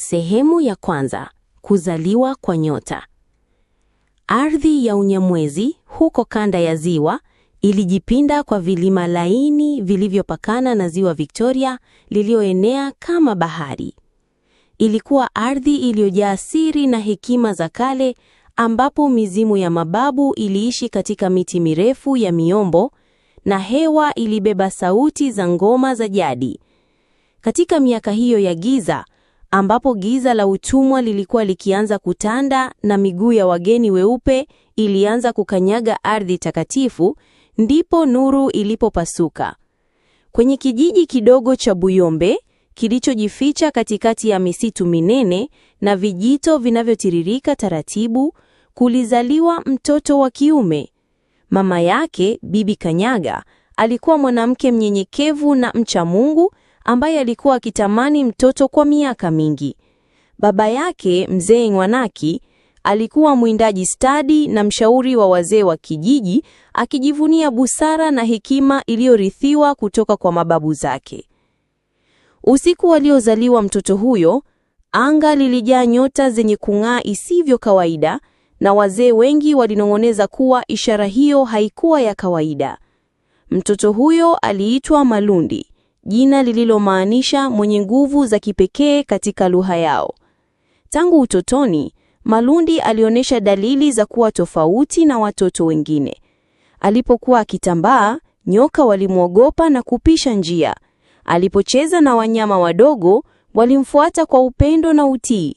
Sehemu ya kwanza: kuzaliwa kwa nyota. Ardhi ya Unyamwezi huko kanda ya Ziwa ilijipinda kwa vilima laini vilivyopakana na Ziwa Victoria lilioenea kama bahari. Ilikuwa ardhi iliyojaa siri na hekima za kale, ambapo mizimu ya mababu iliishi katika miti mirefu ya miombo na hewa ilibeba sauti za ngoma za jadi. Katika miaka hiyo ya giza, ambapo giza la utumwa lilikuwa likianza kutanda na miguu ya wageni weupe ilianza kukanyaga ardhi takatifu, ndipo nuru ilipopasuka. Kwenye kijiji kidogo cha Buyombe kilichojificha katikati ya misitu minene na vijito vinavyotiririka taratibu, kulizaliwa mtoto wa kiume. Mama yake Bibi Kanyaga alikuwa mwanamke mnyenyekevu na mcha Mungu ambaye alikuwa akitamani mtoto kwa miaka mingi. Baba yake mzee Ng'wanaki alikuwa mwindaji stadi na mshauri wa wazee wa kijiji, akijivunia busara na hekima iliyorithiwa kutoka kwa mababu zake. Usiku aliozaliwa mtoto huyo, anga lilijaa nyota zenye kung'aa isivyo kawaida, na wazee wengi walinong'oneza kuwa ishara hiyo haikuwa ya kawaida. Mtoto huyo aliitwa Malundi jina lililomaanisha mwenye nguvu za kipekee katika lugha yao. Tangu utotoni, Malundi alionyesha dalili za kuwa tofauti na watoto wengine. Alipokuwa akitambaa, nyoka walimwogopa na kupisha njia. Alipocheza na wanyama wadogo, walimfuata kwa upendo na utii.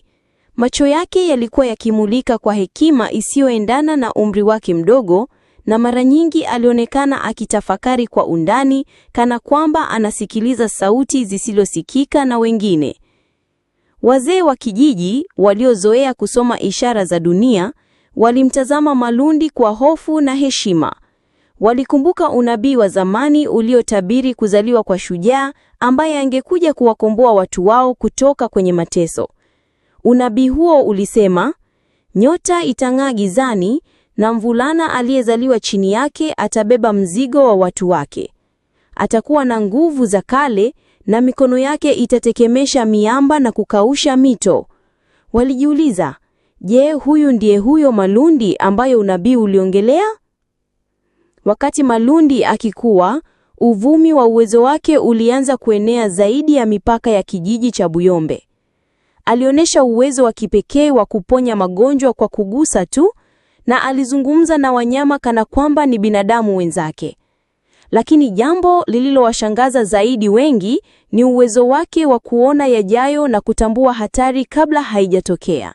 Macho yake yalikuwa yakimulika kwa hekima isiyoendana na umri wake mdogo, na mara nyingi alionekana akitafakari kwa undani, kana kwamba anasikiliza sauti zisizosikika na wengine. Wazee wa kijiji waliozoea kusoma ishara za dunia walimtazama Malundi kwa hofu na heshima. Walikumbuka unabii wa zamani uliotabiri kuzaliwa kwa shujaa ambaye angekuja kuwakomboa watu wao kutoka kwenye mateso. Unabii huo ulisema, nyota itang'aa gizani na mvulana aliyezaliwa chini yake atabeba mzigo wa watu wake. Atakuwa na nguvu za kale na mikono yake itatekemesha miamba na kukausha mito. Walijiuliza, je, huyu ndiye huyo Malundi ambayo unabii uliongelea? Wakati Malundi akikuwa, uvumi wa uwezo wake ulianza kuenea zaidi ya mipaka ya kijiji cha Buyombe. Alionyesha uwezo wa kipekee wa kuponya magonjwa kwa kugusa tu na alizungumza na wanyama kana kwamba ni binadamu wenzake. Lakini jambo lililowashangaza zaidi wengi ni uwezo wake wa kuona yajayo na kutambua hatari kabla haijatokea.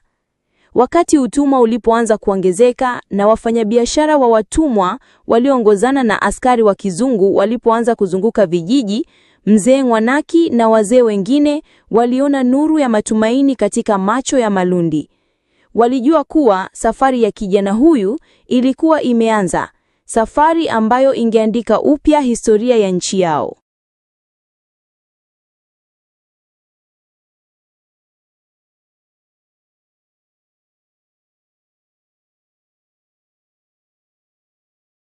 Wakati utumwa ulipoanza kuongezeka na wafanyabiashara wa watumwa walioongozana na askari wa kizungu walipoanza kuzunguka vijiji, mzee Ng'wanaki na wazee wengine waliona nuru ya matumaini katika macho ya Malundi. Walijua kuwa safari ya kijana huyu ilikuwa imeanza, safari ambayo ingeandika upya historia ya nchi yao.